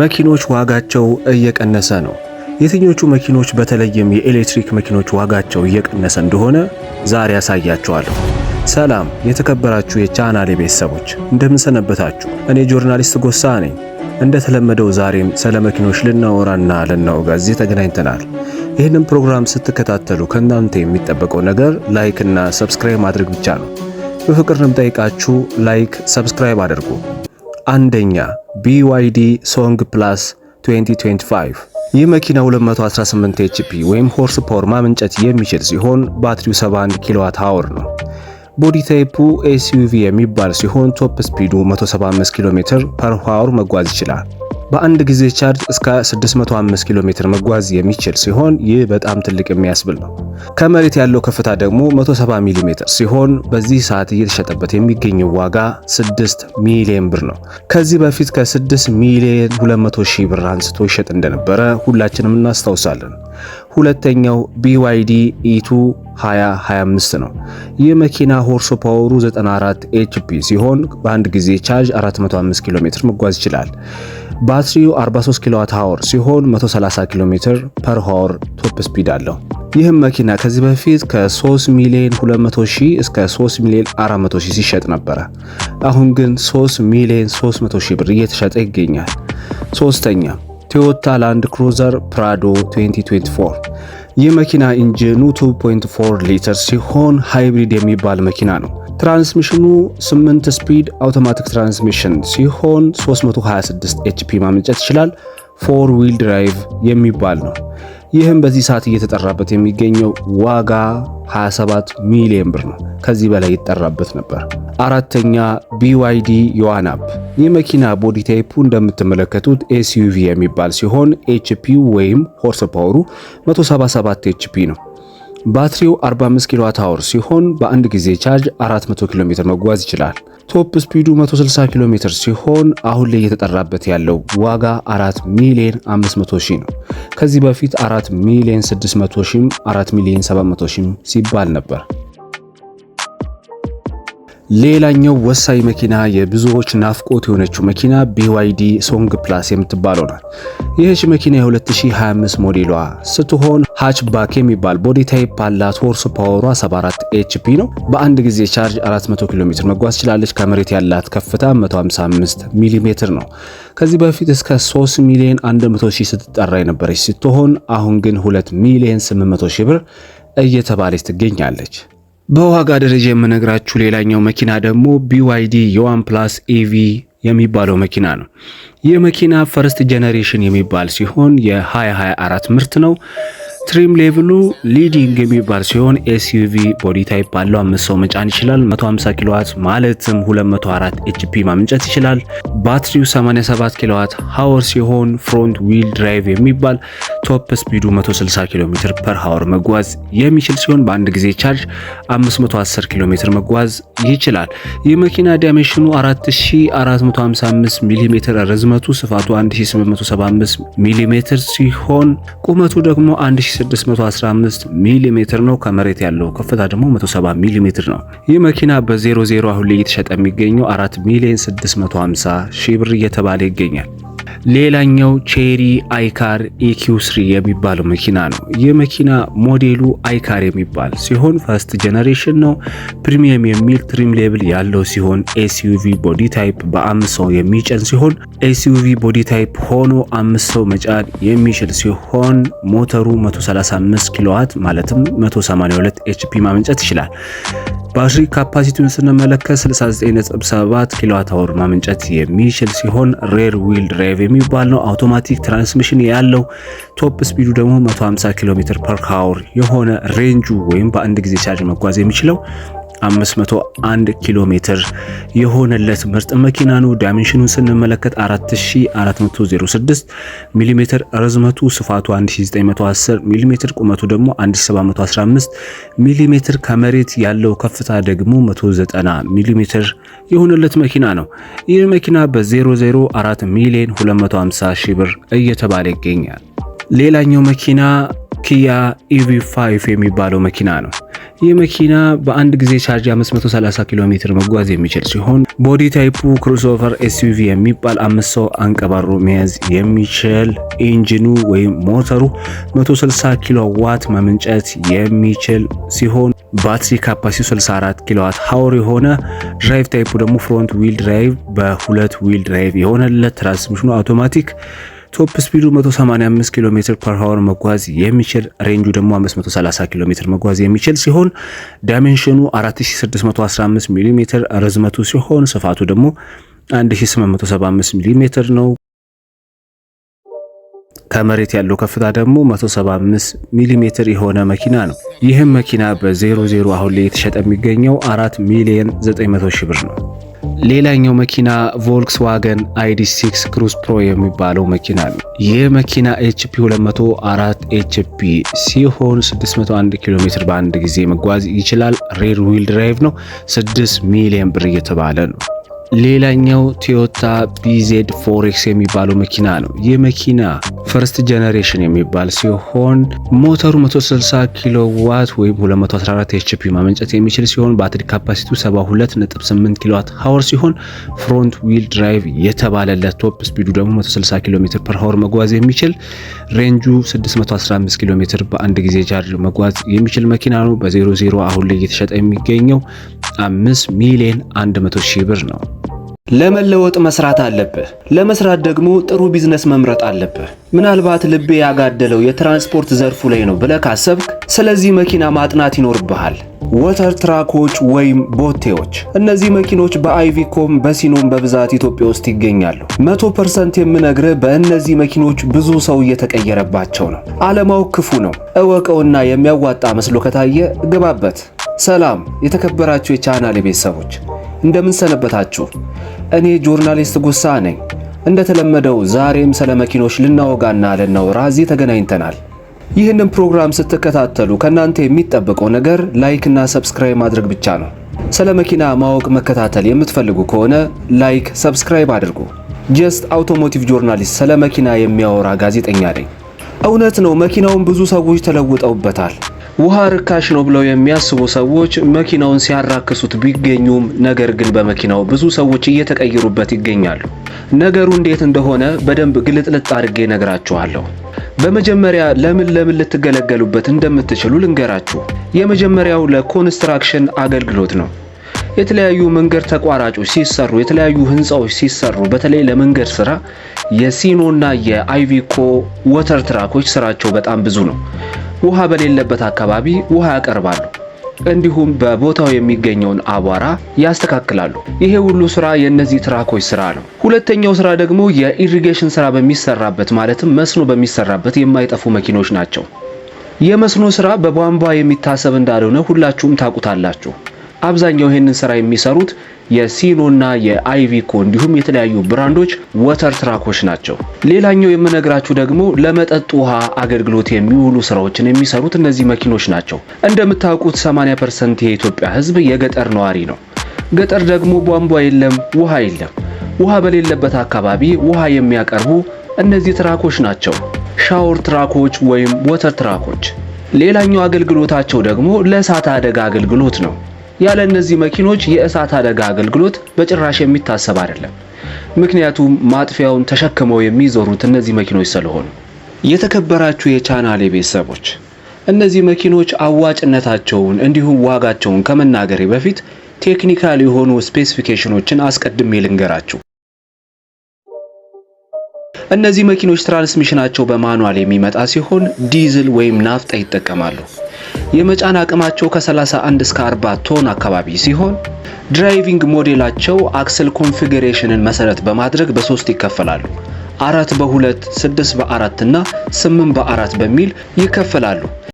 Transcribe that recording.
መኪኖች ዋጋቸው እየቀነሰ ነው። የትኞቹ መኪኖች በተለይም የኤሌክትሪክ መኪኖች ዋጋቸው እየቀነሰ እንደሆነ ዛሬ ያሳያቸዋለሁ። ሰላም የተከበራችሁ የቻናሌ ቤተሰቦች እንደምንሰነበታችሁ። እኔ ጆርናሊስት ጎሳ ነኝ። እንደተለመደው ዛሬም ስለ መኪኖች ልናወራና ልናወጋ እዚህ ተገናኝተናል። ይህንን ፕሮግራም ስትከታተሉ ከእናንተ የሚጠበቀው ነገር ላይክና ሰብስክራይብ ማድረግ ብቻ ነው። በፍቅር እንጠይቃችሁ። ላይክ ሰብስክራይብ አድርጉ። አንደኛ BYD Song Plus 2025 ይህ መኪና 218 HP ወይም ሆርስ ፓወር ማመንጨት የሚችል ሲሆን ባትሪው 71 ኪሎዋት አወር ነው። ቦዲ ታይፑ ኤስዩቪ የሚባል ሲሆን ቶፕ ስፒዱ 175 ኪሎ ሜትር ፐር አወር መጓዝ ይችላል። በአንድ ጊዜ ቻርጅ እስከ 605 ኪሎ ሜትር መጓዝ የሚችል ሲሆን ይህ በጣም ትልቅ የሚያስብል ነው። ከመሬት ያለው ከፍታ ደግሞ 170 ሚሊ ሜትር ሲሆን በዚህ ሰዓት እየተሸጠበት የሚገኘው ዋጋ 6 ሚሊዮን ብር ነው። ከዚህ በፊት ከ6 ሚሊዮን 200 ሺህ ብር አንስቶ ይሸጥ እንደነበረ ሁላችንም እናስታውሳለን። ሁለተኛው ቢዋይዲ ኢቱ 2025 ነው። ይህ መኪና ሆርሶ ፓወሩ 94 ኤችፒ ሲሆን በአንድ ጊዜ ቻርጅ 405 ኪሎ ሜትር መጓዝ ይችላል። ባትሪው 43 ኪሎዋት አወር ሲሆን 130 ኪሎ ሜትር ፐር አወር ቶፕ ስፒድ አለው። ይህም መኪና ከዚህ በፊት ከ3 ሚሊዮን 200 ሺህ እስከ 3 ሚሊዮን 400 ሺህ ሲሸጥ ነበረ። አሁን ግን 3 ሚሊዮን 300 ሺህ ብር እየተሸጠ ይገኛል። ሶስተኛ ቶዮታ ላንድ ክሩዘር ፕራዶ 2024 ይህ መኪና ኢንጂኑ 2.4 ሊትር ሲሆን ሃይብሪድ የሚባል መኪና ነው። ትራንስሚሽኑ 8 ስፒድ አውቶማቲክ ትራንስሚሽን ሲሆን 326 ኤችፒ ማመንጨት ይችላል። ፎር ዊል ድራይቭ የሚባል ነው። ይህም በዚህ ሰዓት እየተጠራበት የሚገኘው ዋጋ 27 ሚሊዮን ብር ነው። ከዚህ በላይ ይጠራበት ነበር። አራተኛ ቢዋይዲ ዮዋናፕ ይህ መኪና ቦዲ ታይፑ እንደምትመለከቱት ኤስዩቪ የሚባል ሲሆን ኤችፒ ወይም ሆርስ ፓወሩ 177 ኤችፒ ነው። ባትሪው 45 ኪሎዋት አወር ሲሆን በአንድ ጊዜ ቻርጅ 400 ኪሎ ሜትር መጓዝ ይችላል። ቶፕ ስፒዱ 160 ኪሎ ሜትር ሲሆን አሁን ላይ እየተጠራበት ያለው ዋጋ 4 ሚሊዮን 500 ሺህ ነው። ከዚህ በፊት 4 ሚሊዮን 600 ሺህም 4 ሚሊዮን 700 ሺህም ሲባል ነበር። ሌላኛው ወሳኝ መኪና የብዙዎች ናፍቆት የሆነችው መኪና ቢዋይዲ ሶንግ ፕላስ የምትባለው ናት። ይህች መኪና የ2025 ሞዴሏ ስትሆን ሃችባክ የሚባል ቦዲ ታይፕ አላት። ሆርስ ፓወሯ 74 ኤችፒ ነው። በአንድ ጊዜ ቻርጅ 400 ኪሎ ሜትር መጓዝ ትችላለች። ከመሬት ያላት ከፍታ 155 ሚሊ ሜትር ነው። ከዚህ በፊት እስከ 3 ሚሊዮን 100 ሺህ ስትጠራ የነበረች ስትሆን አሁን ግን 2 ሚሊዮን 800 ሺህ ብር እየተባለች ትገኛለች። በዋጋ ደረጃ የምነግራችሁ ሌላኛው መኪና ደግሞ ቢዋይዲ የዋን ፕላስ ኢቪ የሚባለው መኪና ነው። ይህ መኪና ፈርስት ጀነሬሽን የሚባል ሲሆን የ2024 ምርት ነው። ስትሪም ሌቭሉ ሊዲንግ የሚባል ሲሆን ኤስዩቪ ቦዲ ታይፕ ባለው አምስት ሰው መጫን ይችላል። 150 ኪሎዋት ማለትም 204 ኤችፒ ማምንጨት ይችላል። ባትሪው 87 ኪሎዋት ሃወር ሲሆን ፍሮንት ዊል ድራይቭ የሚባል ቶፕ ስፒዱ 160 ኪሎ ሜትር ፐር ሃወር መጓዝ የሚችል ሲሆን በአንድ ጊዜ ቻርጅ 510 ኪሎ ሜትር መጓዝ ይችላል። የመኪና ዳይሜንሽኑ 4455 ሚሜ ርዝመቱ፣ ስፋቱ 1875 ሚሜ ሲሆን ቁመቱ ደግሞ 1 1615 ሚሊ ሜትር ነው። ከመሬት ያለው ከፍታ ደግሞ 170 ሚሊ ሜትር ነው። ይህ መኪና በ00 አሁን ላይ እየተሸጠ የሚገኘው 4 ሚሊዮን 650 ሺህ ብር እየተባለ ይገኛል። ሌላኛው ቼሪ አይካር ኢኪው የሚባለው መኪና ነው። ይህ መኪና ሞዴሉ አይካር የሚባል ሲሆን ፈርስት ጀነሬሽን ነው። ፕሪሚየም የሚል ትሪም ሌብል ያለው ሲሆን ኤስዩቪ ቦዲ ታይፕ በአምስት ሰው የሚጨን ሲሆን ኤስዩቪ ቦዲ ታይፕ ሆኖ አምስት ሰው መጫን የሚችል ሲሆን ሞተሩ 135 ኪሎዋት ማለትም 182 ኤችፒ ማመንጨት ይችላል። ባትሪ ካፓሲቲውን ስንመለከት 697 ኪሎዋት አወር ማመንጨት የሚችል ሲሆን ሬር ዊል ድራይቭ የሚባል ነው። አውቶማቲክ ትራንስሚሽን ያለው ቶፕ ስፒዱ ደግሞ 150 ኪሎ ሜትር ፐር አወር የሆነ ሬንጁ ወይም በአንድ ጊዜ ቻርጅ መጓዝ የሚችለው 501 ኪሎ ሜትር የሆነለት ምርጥ መኪና ነው። ዳይሜንሽኑን ስንመለከት 4406 ሚሜ ርዝመቱ፣ ስፋቱ 1910 ሚሜ፣ ቁመቱ ደግሞ 1715 ሚሜ፣ ከመሬት ያለው ከፍታ ደግሞ 190 ሚሜ የሆነለት መኪና ነው። ይህ መኪና በ004 ሚሊዮን 250 ሺህ ብር እየተባለ ይገኛል። ሌላኛው መኪና ኪያ ኢቪ5 e የሚባለው መኪና ነው። ይህ መኪና በአንድ ጊዜ ቻርጅ 530 ኪሎ ሜትር መጓዝ የሚችል ሲሆን ቦዲ ታይፑ ክሮስኦቨር ኤስዩቪ የሚባል አምስት ሰው አንቀባሮ መያዝ የሚችል ኢንጂኑ ወይም ሞተሩ 160 ኪሎ ዋት መምንጨት የሚችል ሲሆን ባትሪ ካፓሲቲ 64 ኪሎዋት ሀወር የሆነ ድራይቭ ታይፑ ደግሞ ፍሮንት ዊል ድራይቭ በሁለት ዊል ድራይቭ የሆነለት ትራንስሚሽኑ አውቶማቲክ ቶፕ ስፒዱ 185 ኪሎ ሜትር ፐር ሃወር መጓዝ የሚችል ሬንጁ ደግሞ 530 ኪሎ ሜትር መጓዝ የሚችል ሲሆን ዳይሜንሽኑ 4615 ሚሊ ሜትር ርዝመቱ ሲሆን ስፋቱ ደግሞ 1875 ሚሊ ሜትር ነው። ከመሬት ያለው ከፍታ ደግሞ 175 ሚሊ ሜትር የሆነ መኪና ነው። ይህም መኪና በ00 አሁን ላይ የተሸጠ የሚገኘው 4 ሚሊዮን 900 ሺህ ብር ነው። ሌላኛው መኪና ቮልክስዋገን አይዲ6 ክሩዝ ፕሮ የሚባለው መኪና ነው። ይህ መኪና ኤችፒ 204 ኤችፒ ሲሆን 601 ኪሎ ሜትር በአንድ ጊዜ መጓዝ ይችላል። ሬር ዊል ድራይቭ ነው። 6 ሚሊዮን ብር እየተባለ ነው። ሌላኛው ቶዮታ ቢዜድ ፎሬክስ የሚባለው መኪና ነው። ይህ መኪና ፈርስት ጀነሬሽን የሚባል ሲሆን ሞተሩ 160 ኪሎ ዋት ወይም 214 ኤችፒ ማመንጨት የሚችል ሲሆን ባትሪ ካፓሲቲው 728 ኪሎ ዋት ሀወር ሲሆን ፍሮንት ዊል ድራይቭ የተባለለት ቶፕ ስፒዱ ደግሞ 160 ኪሎ ሜትር ፐር ሀወር መጓዝ የሚችል ሬንጁ 615 ኪሎ ሜትር በአንድ ጊዜ ቻርጅ መጓዝ የሚችል መኪና ነው። በ00 አሁን ላይ እየተሸጠ የሚገኘው 5 ሚሊዮን 100 ሺህ ብር ነው። ለመለወጥ መስራት አለብህ። ለመስራት ደግሞ ጥሩ ቢዝነስ መምረጥ አለብህ። ምናልባት ልቤ ያጋደለው የትራንስፖርት ዘርፉ ላይ ነው ብለህ ካሰብክ፣ ስለዚህ መኪና ማጥናት ይኖርብሃል። ወተር ትራኮች ወይም ቦቴዎች። እነዚህ መኪኖች በአይቪኮም በሲኖም በብዛት ኢትዮጵያ ውስጥ ይገኛሉ። መቶ ፐርሰንት የምነግርህ በእነዚህ መኪኖች ብዙ ሰው እየተቀየረባቸው ነው። አለማው ክፉ ነው። እወቀውና የሚያዋጣ መስሎ ከታየ ግባበት። ሰላም የተከበራችሁ የቻናል ቤተሰቦች እንደምን ሰነበታችሁ። እኔ ጆርናሊስት ጉሳ ነኝ። እንደተለመደው ዛሬም ስለ መኪኖች ልናወጋና ልናወራ እዚህ ተገናኝተናል። ይህንን ፕሮግራም ስትከታተሉ ከእናንተ የሚጠበቀው ነገር ላይክ እና ሰብስክራይብ ማድረግ ብቻ ነው። ስለ መኪና ማወቅ መከታተል የምትፈልጉ ከሆነ ላይክ፣ ሰብስክራይብ አድርጉ። ጀስት አውቶሞቲቭ ጆርናሊስት ስለ መኪና የሚያወራ ጋዜጠኛ ነኝ። እውነት ነው፣ መኪናውን ብዙ ሰዎች ተለውጠውበታል። ውሃ ርካሽ ነው ብለው የሚያስቡ ሰዎች መኪናውን ሲያራክሱት ቢገኙም ነገር ግን በመኪናው ብዙ ሰዎች እየተቀየሩበት ይገኛሉ። ነገሩ እንዴት እንደሆነ በደንብ ግልጥልጥ አድርጌ ነግራችኋለሁ። በመጀመሪያ ለምን ለምን ልትገለገሉበት እንደምትችሉ ልንገራችሁ። የመጀመሪያው ለኮንስትራክሽን አገልግሎት ነው። የተለያዩ መንገድ ተቋራጮች ሲሰሩ፣ የተለያዩ ህንፃዎች ሲሰሩ፣ በተለይ ለመንገድ ስራ የሲኖና የአይቪኮ ወተር ትራኮች ስራቸው በጣም ብዙ ነው። ውሃ በሌለበት አካባቢ ውሃ ያቀርባሉ። እንዲሁም በቦታው የሚገኘውን አቧራ ያስተካክላሉ። ይሄ ሁሉ ስራ የእነዚህ ትራኮች ስራ ነው። ሁለተኛው ስራ ደግሞ የኢሪጌሽን ስራ በሚሰራበት ማለትም መስኖ በሚሰራበት የማይጠፉ መኪኖች ናቸው። የመስኖ ስራ በቧንቧ የሚታሰብ እንዳልሆነ ሁላችሁም ታውቁታላችሁ። አብዛኛው ይህንን ስራ የሚሰሩት የሲኖና የአይቪኮ እንዲሁም የተለያዩ ብራንዶች ወተር ትራኮች ናቸው። ሌላኛው የምነግራችሁ ደግሞ ለመጠጥ ውሃ አገልግሎት የሚውሉ ስራዎችን የሚሰሩት እነዚህ መኪኖች ናቸው። እንደምታውቁት 80 ፐርሰንት የኢትዮጵያ ህዝብ የገጠር ነዋሪ ነው። ገጠር ደግሞ ቧንቧ የለም፣ ውሃ የለም። ውሃ በሌለበት አካባቢ ውሃ የሚያቀርቡ እነዚህ ትራኮች ናቸው፣ ሻወር ትራኮች ወይም ወተር ትራኮች። ሌላኛው አገልግሎታቸው ደግሞ ለእሳት አደጋ አገልግሎት ነው። ያለ እነዚህ መኪኖች የእሳት አደጋ አገልግሎት በጭራሽ የሚታሰብ አይደለም። ምክንያቱም ማጥፊያውን ተሸክመው የሚዞሩት እነዚህ መኪኖች ስለሆኑ። የተከበራችሁ የቻናሌ ቤተሰቦች እነዚህ መኪኖች አዋጭነታቸውን እንዲሁም ዋጋቸውን ከመናገሬ በፊት ቴክኒካል የሆኑ ስፔሲፊኬሽኖችን አስቀድሜ ልንገራችሁ። እነዚህ መኪኖች ትራንስሚሽናቸው በማኑዋል የሚመጣ ሲሆን ዲዝል ወይም ናፍጣ ይጠቀማሉ። የመጫን አቅማቸው ከ31 እስከ 40 ቶን አካባቢ ሲሆን ድራይቪንግ ሞዴላቸው አክስል ኮንፊግሬሽንን መሰረት በማድረግ በሶስት ይከፈላሉ። አራት በሁለት ስድስት በአራት እና ስምንት በአራት በሚል ይከፈላሉ።